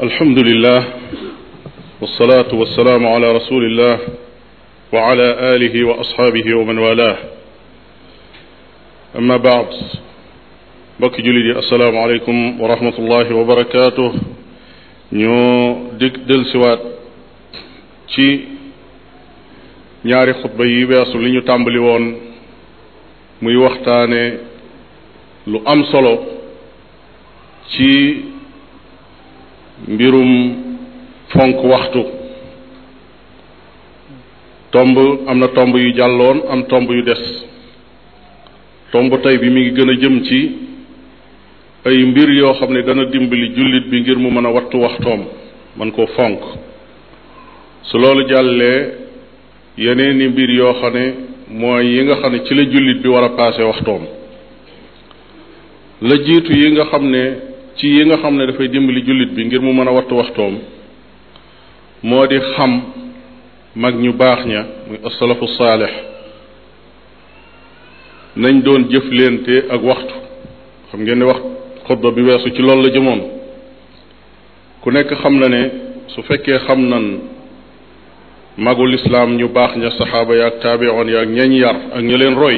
alhamdulillah walsalaatu walsalaamu ala rasulillah wa ala alihi wa asxaabihi wa man walah amma baad mbokki jullit yi assalaamu aleykum wa rahmatullahi wa barakaatuh ñu dig delsiwaat ci ñaari xutba yi weesu li ñu tàmbali woon muy waxtaane lu am solo ci mbirum fonk waxtu tomb am na tomb yu jàlloon am tomb yu des tomb tey bi mi ngi gën a jëm ci ay mbir yoo xam ne dana dimbali jullit bi ngir mu mën a wattu waxtoom man koo fonk su loolu jàllee yeneen mbir yoo xam ne mooy yi nga xam ne ci la jullit bi wara a paase waxtoom la jiitu yi nga xam ne ci yi nga xam ne dafay dimbali jullit bi ngir mu mën a wattu waxtoom moo di xam mag ñu baax ña muy asalafu saalix nañ doon jëf jëflente ak waxtu xam ngeen ne wax xutba bi weesu ci lool la jëmoon ku nekk xam na ne su fekkee xam na magul islaam ñu baax ña saxaaba ya ak taabiroon ya ak ñañ yar ak ña leen roy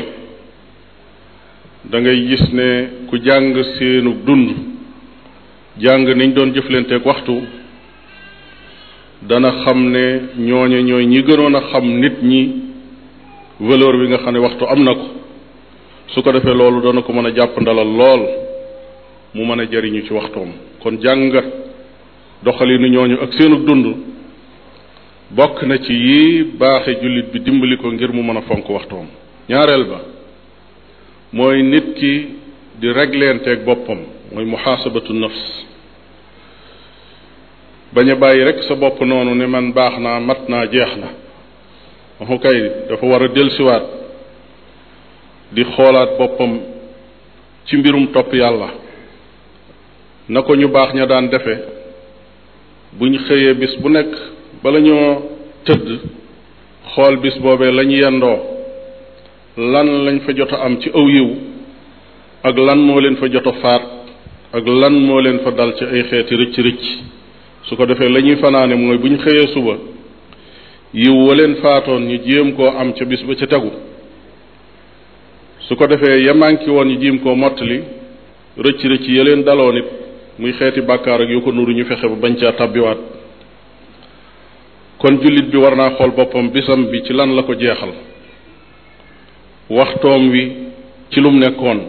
dangay gis ne ku jàng seenu dund jàng niñ doon jëflanteeg waxtu dana xam ne ñooñu ñooy ñi gënoon a xam nit ñi valeur bi nga xam ne waxtu am na ko su ko defee loolu dana ko mën a jàpp ndalal lool mu mën a jariñu ci waxtoom kon jàngat doxalinu ñooñu ak seenug dund bokk na ci yi baaxe jullit bi dimbali ko ngir mu mën a fonk waxtoom ñaareel ba mooy nit ki di réglenteeg boppam mooy muhaasabatu nafs bañ a bàyyi rek sa bopp noonu ne man baax naa mat naa jeex na waxu kay dafa war a dellusiwaat di xoolaat boppam ci mbirum topp yàlla na ko ñu baax ña daan defe buñ xëyee bis bu nekk bala ñoo tëdd xool bis boobee lañ yendoo lan lañ fa jot a am ci aw yiw ak lan moo leen fa jot a faat ak lan moo leen fa dal ci ay xeeti rëcc rëcc su ko defee la ñuy fanaane mooy bu ñu xëyee suba yiw waleen faatoon ñu jéem koo am ca bis ba ca tegu su ko defee yamanki woon ñu jéem koo mottali rëcc rëcc ya leen daloon it muy xeeti bàkkaar ak yu ko nuru ñu fexe ba bañ caa tabbiwaat kon jullit bi war naa xool boppam bisam bi ci lan la ko jeexal waxtoom wi ci lum nekkoon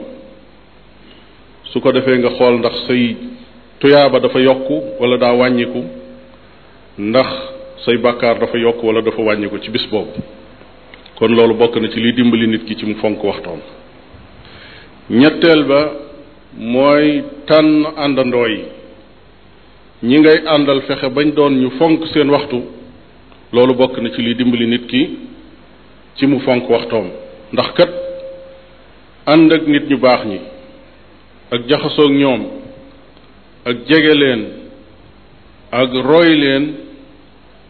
su ko defee nga xool ndax say tuyaaba dafa yokk wala daa wàññiku ndax say bàkkaar dafa yokk wala dafa wàññiku ci bis boobu kon loolu bokk na ci liy dimbali nit ki ci mu fonk waxtoom ñetteel mooy tànn àndandoo yi ñi ngay àndal fexe bañ doon ñu fonk seen waxtu loolu bokk na ci liy dimbali nit ki ci mu fonk waxtoom ndax kat ànd ak nit ñu baax ñi ak jaxasoog ñoom ak jege leen ak roy leen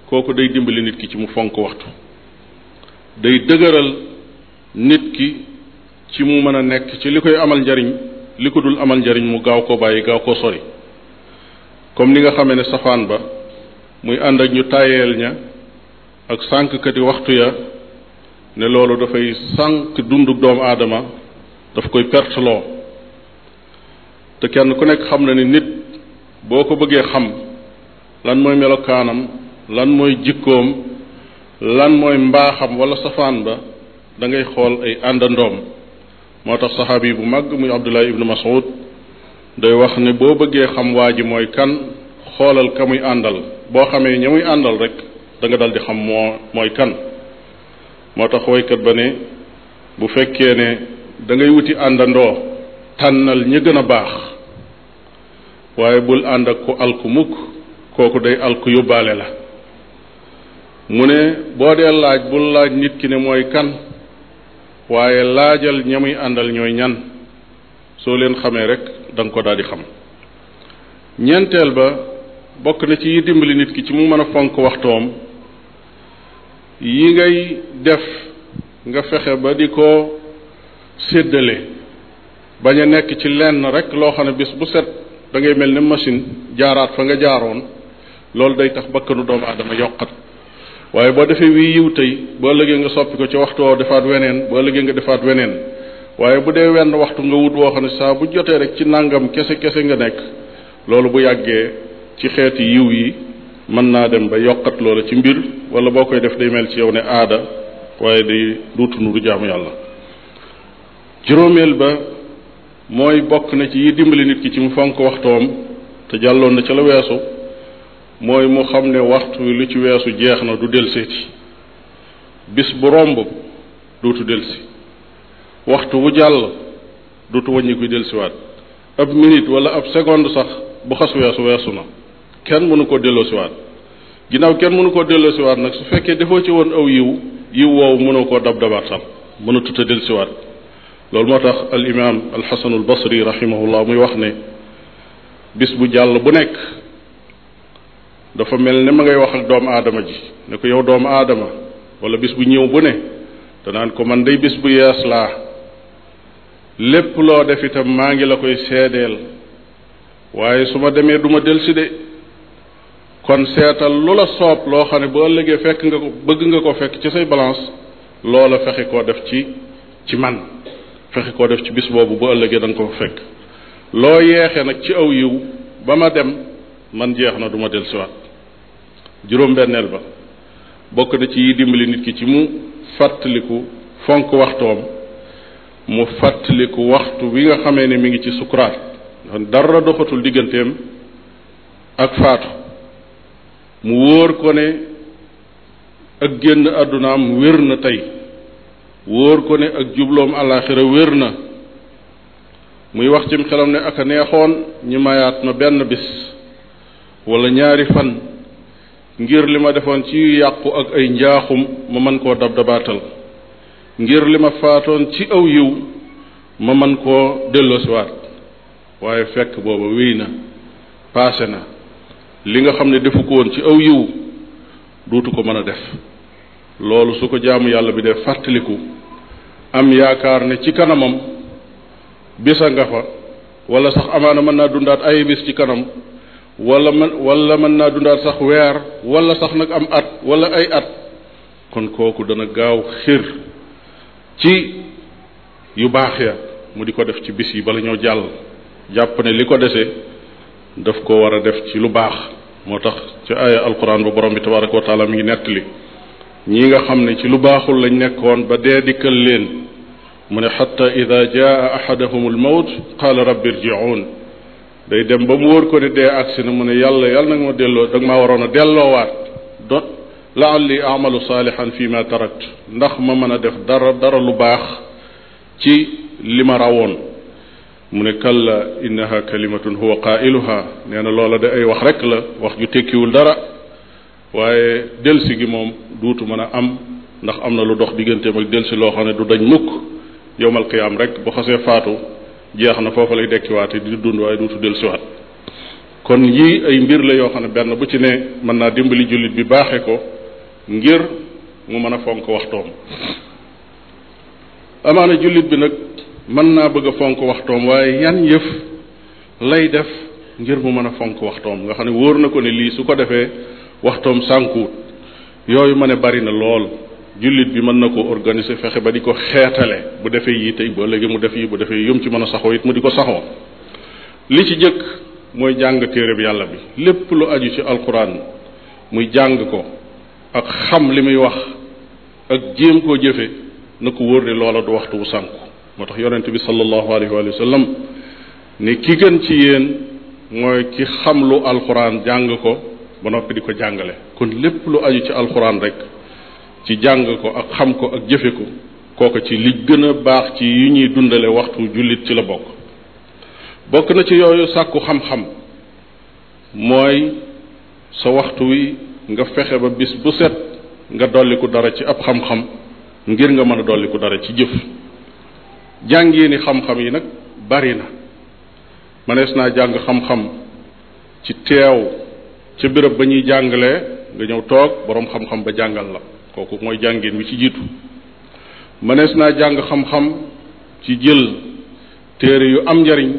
kooku day dimbali nit ki ci mu fonk waxtu day dëgëral nit ki ci mu mën a nekk ci li koy amal njariñ li ko dul amal njariñ mu gaaw koo bàyyi gaaw koo sori comme li nga xamee ne safaan ba muy ànd ak ñu tayeel ña ak sànkkati waxtu ya ne loolu dafay sànk dundu doomu aadama daf koy perteloo te kenn ku nekk xam na ne nit boo ko bëggee xam lan mooy melokaanam lan mooy jikkoom lan mooy mbaaxam walla safaan ba dangay xool ay àndandoom moo tax saxaabi yi bu mag muy Abdullah ibnu Mas'ud day wax ne boo bëggee xam waa ji mooy kan xoolal ka muy àndal boo xamee ña muy àndal rek danga dal di xam moo mooy kan moo tax woykat ba ne bu fekkee ne dangay wuti àndandoo tànnal ñu gën a baax waaye bul ànd ak ku alku mukk kooku day alku yóbbaale la mu ne boo dee laaj bul laaj nit ki ne mooy kan waaye laajal ña muy àndal ñooy ñan soo leen xamee rek da ko daal di xam ñeenteel ba bokk na ci yi dimbali nit ki ci mu mën a fonk waxtoom yi ngay def nga fexe ba di ko séddale bañ a nekk ci lenn rek loo xam ne bés bu set da ngay mel ni machine jaaraat fa nga jaaroon loolu day tax bakkanu doomu aadama yokkat waaye boo defee wii yiw tey boo ëllëgee nga soppi ko ci waxtu woo defaat weneen boo ëllëgee nga defaat weneen waaye bu dee wenn waxtu nga wut woo xam ne saa bu jotee rek ci nàngam kese kese nga nekk loolu bu yàggee ci xeeti yiw yi mën naa dem ba yokkat loola ci mbir wala boo koy def day mel ci yow ne aada waaye day duutu nuru jaamu yàlla juróomeel ba mooy bokk na ci yi dimbali nit ki ci mu fonk waxtoom te jàlloon na ca la weesu mooy mu xam ne waxtu wi lu ci weesu jeex na du delseeti bis bu romb dootu delsi waxtu wu jàll dootu wàññi kuy delsiwaat ab minute wala ab seconde sax bu xas weesu weesu na kenn mënu koo delloo delloosiwaat ginnaaw kenn mënu koo delloosiwaat nag su fekkee defoo ci woon aw yiw yiw woowu mënoo koo dab dabaat sax mënatut a delsiwaat loolu moo tax al imam al xasan al basri rahimahullah muy wax ne bis bu jàll bu nekk dafa mel ne ma ngay wax ak doomu aadama ji ne ko yow doomu aadama wala bis bu ñëw bu ne danaan ko man day bis bu yees laa lépp loo def itam maa ngi la koy seedeel waaye su ma demee duma ma delsi de kon seetal lu la soob loo xam ne bu ëllëgee fekk nga ko bëgg nga ko fekk ci say balance loola fexe koo def ci ci man fexe koo def ci bis boobu bu ëllëgee danga nga ko fekk loo yeexe nag ci aw yiw ba ma dem man jeex na duma ma del siwaat juróom-benneel ba bokk na ci yi dimbali nit ki ci mu fàttaliku fonk waxtoom mu fàttaliku waxtu wi nga xamee ne mi ngi ci sukuraat ndax dara doxatul digganteem ak faatu mu wóor ko ne ak génn àddunaam wér na tey wóor ko ne ak jubloom àllaaxira wér na muy wax cim xelam ne ak a neexoon ñi mayaat ma benn bis wala ñaari fan ngir li ma defoon ci yàqu ak ay njaaxum ma mën koo dab dabaatal ngir li ma faatoon ci aw yiw ma mën koo delloosiwaat waaye fekk booba wéy na paase na li nga xam ne defu ko ci aw yiw duutu ko mën a def loolu su ko jaamu yàlla bi dee fàttaliku am yaakaar ne ci kanamam bisa nga fa wala sax amaana mën naa dundaat ay bis ci kanam walla mën wala mën naa dundaat sax weer wala sax nag am at wala ay at kon kooku dana gaaw xiir ci yu baax ya mu di ko def ci bis yi bala ñëw jàll jàpp ne li ko dese daf ko war a def ci lu baax moo tax ci aaya alquran bu borom bi tabaraka wa taala mi ngi li ñi nga xam ne ci lu baaxul lañ nekkoon ba dee dikkal leen mu ne xata ida jaa axadahum almawt qaala rabbi irjiun day dem ba mu wóor ko ne dee agsi na mu ne yàlla yàlla nag ma delloo da nga maa waroon a delloowaat do laalli amalu saalihan fi ma tarakt ndax ma mën a def dara dara lu baax ci li ma rawoon mu ne kalla innaha kalimatun huwa qailuha nee na loola de ay wax rek la wax ju tekkiwul dara waaye delsi gi moom duutu mën a am ndax am na lu dox digganteem ak delsi loo xam ne du dañ mukk yowmal qiyaam rek bu xasee faatu jeex na foofu lay dekkiwaate di dund waaye duutu del siwaat kon yii ay mbir la yoo xam ne benn bu ci ne mën naa dimbali jullit bi baaxee ko ngir mu mën a fonk waxtoom amaana jullit bi nag mën naa bëgg a fonk waxtoom waaye yan yëf lay def ngir mu mën a fonk waxtoom nga xam ne wóor na ko ne lii su ko defee waxtoom sànkuwut yooyu ma ne bari na lool jullit bi mën na ko organiser fexe ba di ko xeetale bu defee yii tey boo léegi mu def yi bu defee yum ci mën a saxoo it mu di ko saxoo li ci jëkk mooy jàng téere bi yàlla bi lépp lu aju ci alquran muy jàng ko ak xam li muy wax ak jéem koo jëfe na ko wóor ne loola du waxtu wu sànku moo tax yonent bi sallallahu alayhi wa sallam ne ki gën ci yéen mooy ki xam lu alquran jàng ko ba noppi di ko jàngale kon lépp lu aju ci alquran rek ci jàng ko ak xam ko ak jëfe ko kooka ci li gën a baax ci yi ñuy dundale waxtu jullit ci la bokk bokk na ci yooyu sàkku xam-xam mooy sa waxtu wi nga fexe ba bis bu set nga dolliku dara ci ab xam-xam ngir nga mën a dolliku dara ci jëf jàngiini xam-xam yi nag bari na mënees naa jàng xam-xam ci teew ca béréb ba ñuy jàngale nga ñëw toog boroom xam-xam ba jàngal la kooku mooy jàngin wi ci jiitu mënees naa jàng xam-xam ci jël téere yu am njariñ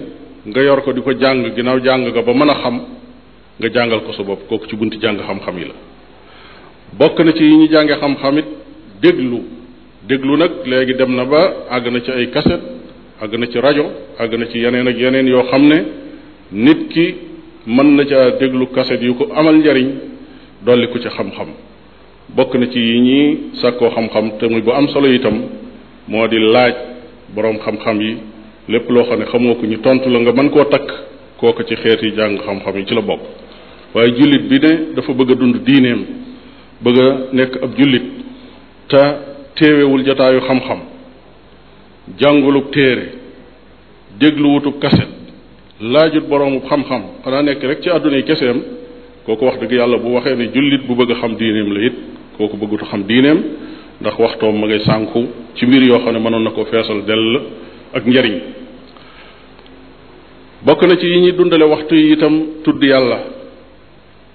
nga yor ko di ko jàng ginnaaw jàng nga ba mën a xam nga jàngal ko sa bopp kooku ci bunti jàng xam-xam yi la bokk na ci yi ñu jànge xam-xam it déglu déglu nag léegi dem na ba àgg na ci ay kaset àgg na ci rajo àgg na ci yeneen ak yeneen yoo xam ne nit ki mën na ca déglu kaset yu ko amal njariñ dolli ko ci xam-xam bokk na ci yi ñuy sàkkoo xam-xam te muy bu am solo itam moo di laaj boroom xam-xam yi lépp loo xam ne xamoo ñu tontu la nga man koo takk kooku ci xeet yi jàng xam-xam yi ci la bokk waaye jullit bi ne dafa bëgg a dund diineem bëgg a nekk ab jullit te téewewul jataayu xam-xam jàngulub téere dégluwutub kaset laajut boroomub xam-xam xanaa nekk rek ci àdduna yi keseem kooku wax dëgg yàlla bu waxee ne jullit bu bëgg xam diineem la it kooku bëggutu xam diineem ndax waxtoom ma ngay sànku ci mbir yoo xam ne mënoon na ko feesal dell ak njariñ bokk na ci yi ñuy dundale waxtu yi itam tudd yàlla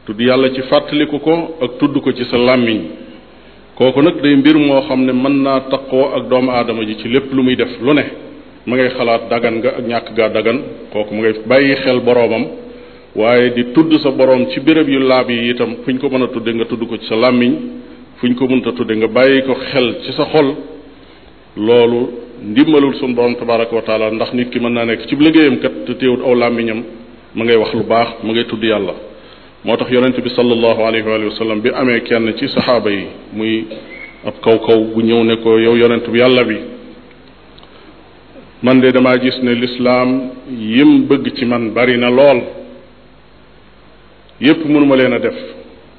tudd yàlla ci fàttaliku ko ak tudd ko ci sa làmmiñ kooku nag day mbir moo xam ne mën naa taqoo ak doomu aadama ji ci lépp lu muy def lu ne ma ngay xalaat daggan nga ak ñàkk gaa dagan kooku mu ngay bàyyi xel boroomam waaye di tudd sa boroom ci bërëb yu laab yi itam fu ñu ko mën a tudde nga tudd ko ci sa làmmiñ fu ñu ko mënta tudde nga bàyyi ko xel ci sa xol loolu ndimbalul sunu borom tabaraka wa taala ndax nit ki mën naa nekk ci liggéeyam kat te teewut aw làmmiñam ma ngay wax lu baax ma ngay tudd yàlla moo tax yonente bi sallallahu alayhi wa sallam bi amee kenn ci saxaaba yi muy ab kaw-kaw bu ñëw ne ko yow yonent bi yàlla bi man de damaa gis ne lislaam yim bëgg ci man bari na lool yépp mënuma leen a def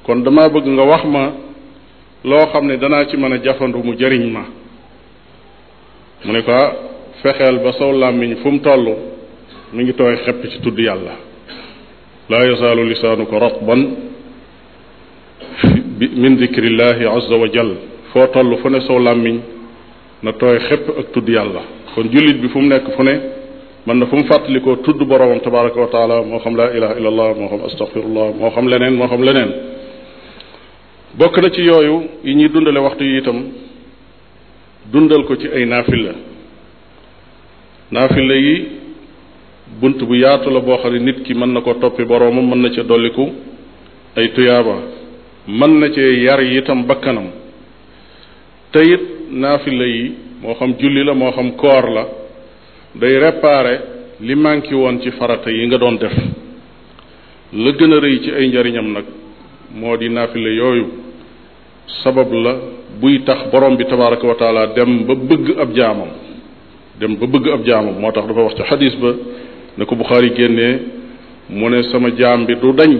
kon damaa bëgg nga wax ma loo xam ne danaa ci mën a jafandu mu jëriñ ma mu ne ko ah, fexeel ba saw làmmiñ fu mu toll mi ngi tooy xepp ci tudd yàlla laa yazaalu lisaanuka ratban bi min dikrillahi azza wa jal foo toll fu ne saw làmmiñ na tooy xepp ak tudd yàlla kon jullit bi fu mu nekk fu ne mën na fu mu fàttalikoo tudd boroomam tabaraka wa taala moo xam laa ilaha illa allah moo xam astaghfirullah moo xam leneen moo xam leneen bokk na ci yooyu yi ñuy dundale waxtu yi itam dundal ko ci ay naafila naafila yi bunt bu yaatu la boo xam ne nit ki mën na koo toppi boroomam mën na ca dolliku ay tuyaaba mën na cee yar itam bakkanam te it naafila yi moo xam julli la moo xam koor la day réparer li manqué woon ci farata yi nga doon def la gën a rëy ci ay njariñam nag moo di naafila yooyu sabab la buy tax borom bi tabaraka wa dem ba bëgg ab jaamam dem ba bëgg ab jaamam moo tax dafa wax ca xadis ba ne ko Buxaari génnee mu ne sama jaam bi du dañ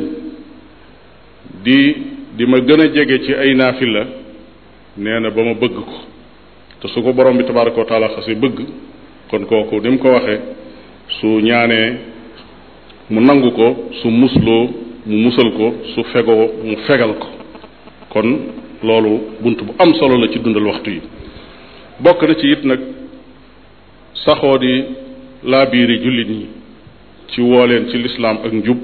di di ma gën a jege ci ay naafila nee na ba ma bëgg ko te su ko borom bi tabaraka wa taala bëgg kon kooku ni mu ko waxee su ñaanee mu nangu ko su musloo mu musal ko su fegoo mu fegal ko kon loolu bunt bu am solo la ci dundal waxtu yi bokk na ci it nag saxoo di laabiiri jullit ñi ci woo leen ci lislaam ak njub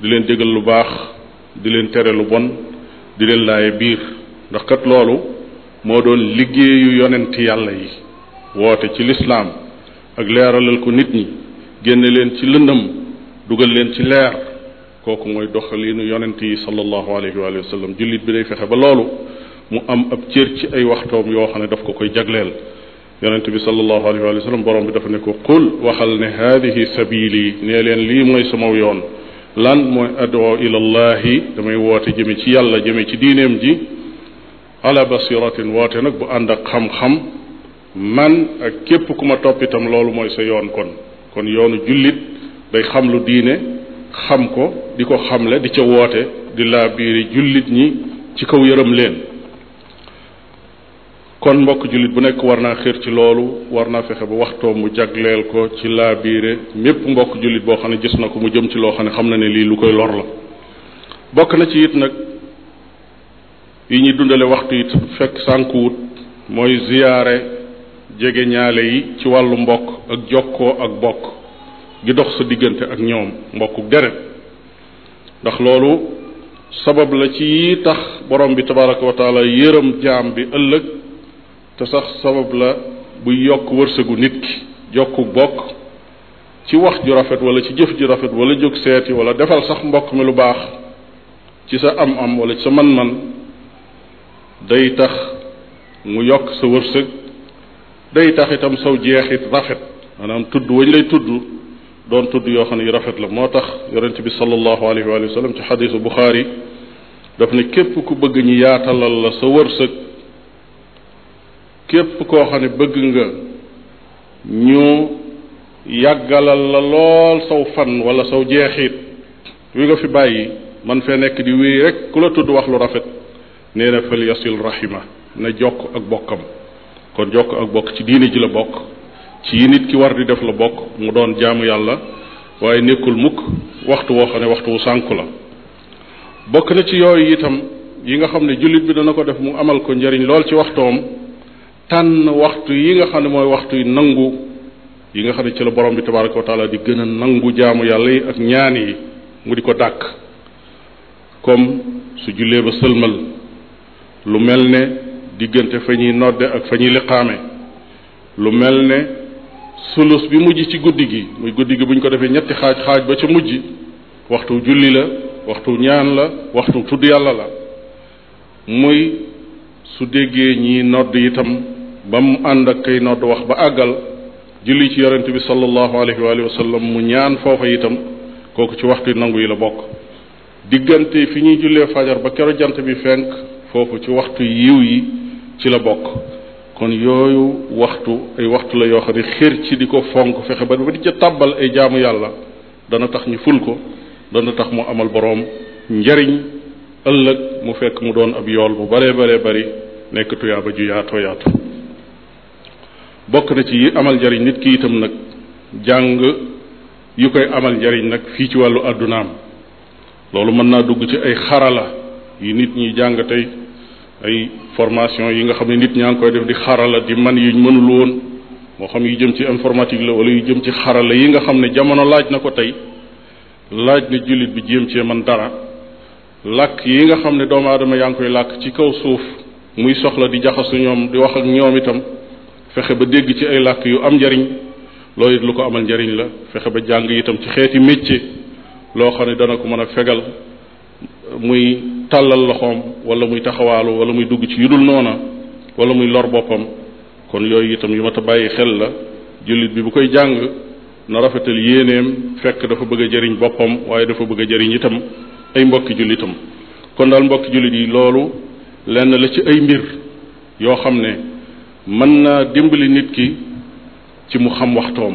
di leen jégal lu baax di leen tere lu bon di leen laaye biir ndax kat loolu moo doon liggéeyu yonent yàlla yi woote ci lislaam ak leeralal ko nit ñi génne leen ci lëndëm dugal leen ci leer kooku mooy doxaliinu yonent yi sallallahu alayhi wa sallam jullit bi day fexe ba loolu mu am ab cër ci ay waxtoom yoo xam ne daf ko koy jagleel yonent bi sallallahu alayhi wa sallam borom bi dafa ne ko qul waxal ne haadihi sabili nee leen lii mooy sama yoon lan mooy adoo ila llahi damay woote jëme ci yàlla jëme ci diineem ji ala basiratin woote nag bu ànd ak xam-xam man ak képp ku ma topp loolu mooy sa yoon kon kon yoonu jullit day xam lu diine xam ko di ko xamle di ca woote di laa biiri jullit ñi ci kaw yërëm leen kon mbokk jullit bu nekk war naa xër ci loolu war naa fexe ba waxtoo mu jagleel ko ci laa biire mépp mbokk jullit boo xam ne gis na ko mu jëm ci loo xam ne xam na ne lii lu koy lor la bokk na ci it nag yi ñuy dundale waxtu it fekk sànkuwut mooy ziyaare jege ñaale yi ci wàllu mbokk ak jokkoo ak bokk gi dox sa diggante ak ñoom mbokku deret ndax loolu sabab la ci tax borom bi tabaraka wa yërëm jaam bi ëllëg te sax sabab la buy yokk wërsëgu nit ki jokku bokk ci wax ju rafet walla ci jëf ju rafet wala jóg seeti wala defal sax mbokk mi lu baax ci sa am-am walla ci sa man-man day tax mu yokk sa wërsëg day tax itam saw jeexit rafet maanaam tudd wañ lay tudd doon tudd yoo xam ne yu rafet la moo tax yonent bi sallallahu alayhi wa sallam ci xadisu Buxaari daf ne képp ku bëgg ñu yaatalal la sa wërsëg képp koo xam ne bëgg nga ñu yàggalal la lool saw fan wala saw jeexit wi nga fi bàyyi man fee nekk di wéy rek ku la tudd wax lu rafet nee na fal yasil rahima na jokk ak bokkam kon jokk ak bokk ci diine ji la bokk ci yi nit ki war di def la bokk mu doon jaamu yàlla waaye nekkul mukk waxtu woo xam ne waxtu wu sànku la bokk na ci yooyu itam yi nga xam ne jullit bi dana ko def mu amal ko njariñ lool ci waxtoom tànn waxtu yi nga xam ne mooy waxtu yi nangu yi nga xam ne ci la borom bi tabaraka wa taala di gën a nangu jaamu yàlla yi ak ñaani yi mu di ko dàkk comme su jullee ba sëlmal lu mel ne diggante fa ñuy nodde ak fa ñuy liqaame lu mel ne sulus bi mujj ci guddi gi muy guddi gi bu ñu ko defee ñetti xaaj xaaj ba ca mujj waxtu julli la waxtu ñaan la waxtu tudd yàlla la muy su déggee ñi nodd itam ba mu ànd ak kay nodd wax ba àggal julli ci yonent bi sallallahu alayhi wa sallam mu ñaan foofa itam kooku ci waxtu nangu yi la bokk diggante fi ñuy jullee fajar ba kero jant bi fenk foofu ci waxtu yiw yi ci la bokk kon yooyu waxtu ay waxtu la yoo xam ne xër ci di ko fonk fexe ba ba di ca tàbbal ay jaamu yàlla dana tax ñu ful ko dana tax mu amal boroom njariñ ëllëg mu fekk mu doon ab yool bu baree baree bari nekk tuyaaba ju yaatoo yaatu bokk na ci yi amal njariñ nit ki itam nag jàng yu koy amal njariñ nag fii ci wàllu àddunaam loolu mën naa dugg ci ay xarala yi nit ñuy jàng tey ay formation yi nga xam ne nit ñaa ngi koy def di xarala di man yuñ mënul woon moo xam yu jëm ci informatique la wala yu jëm ci xarala yi nga xam ne jamono laaj na ko tey laaj na jullit bi jéem cee man dara làkk yi nga xam ne doomu aadama yaa ngi koy làkk ci kaw suuf muy soxla di jaxasu ñoom di wax ak ñoom itam fexe ba dégg ci ay làkk yu am njariñ loolu it lu ko amal njariñ la fexe ba jàng yitam ci xeeti métier loo xam ne dana ko mën a fegal muy tàllal loxoom wala muy taxawaalu wala muy dugg ci yudul noona wala muy lor boppam kon yooyu itam yu mat a bàyyi xel la jullit bi bu koy jàng na rafetal yéeneem fekk dafa bëgg a jëriñ boppam waaye dafa bëgg a jëriñ itam ay mbokki jullitam kon daal mbokki jullit yi loolu lenn la ci ay mbir yoo xam ne mën naa dimbali nit ki ci mu xam waxtoom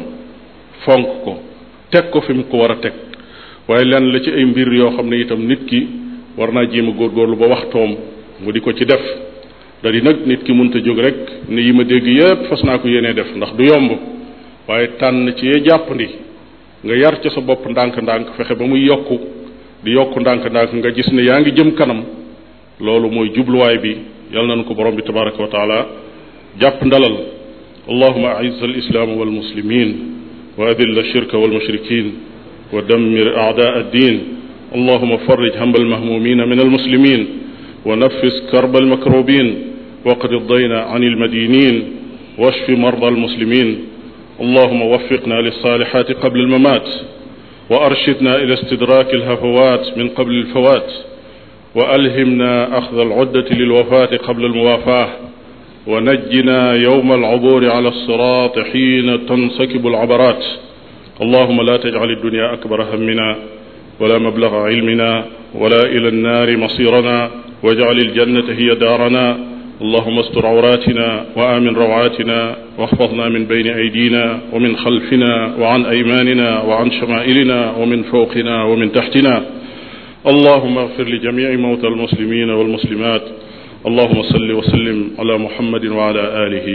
fonk ko teg ko fi mu ko war a teg waaye lenn la ci ay mbir yoo xam ne itam nit ki war naa jéem a góorgóorlu ba waxtoom mu di ko ci def da nag nit ki munta jóg rek ne yi ma dégg yépp fas naa ko yéenee def ndax du yomb waaye tànn ci yee jàppandi nga yar ca sa bopp ndànk-ndànk fexe ba muy yokku di yokk ndànk-ndànk nga gis ne yaa ngi jëm kanam loolu mooy jubluwaay bi yal nañu ko borom bi tabaraka wa taala jàpp ndalal allahuma aiz al islaam wal wa adilla shirka wal mushrikin wa dammir aadaa ad din allahuma farrij hamba almahmumina min almuslimin wa nafis karba almakrubin waqdi dayna an almadinin washfi marda almuslimin allahuma waffiqna lissalihati qabla almamat wa arshidna ila istidraki alhafawat min qabli alfawat wa alhimna axda alcuddati lilwafati qabla almuwafaa wa najjina yowma alcuburi ala alsirati xiina tansakibu alcabarat allahuma la tajcal addunya akbara hammina ولا مبلغ علمنا ولا إلى النار مصيرنا واجعل الجنة هي دارنا اللهم استر عوراتنا وآمن روعاتنا واحفظنا من بين أيدينا ومن خلفنا وعن أيماننا وعن شمائلنا ومن فوقنا ومن تحتنا اللهم اغفر لجميع موتى المسلمين والمسلمات اللهم صل وسلم على محمد وعلى آله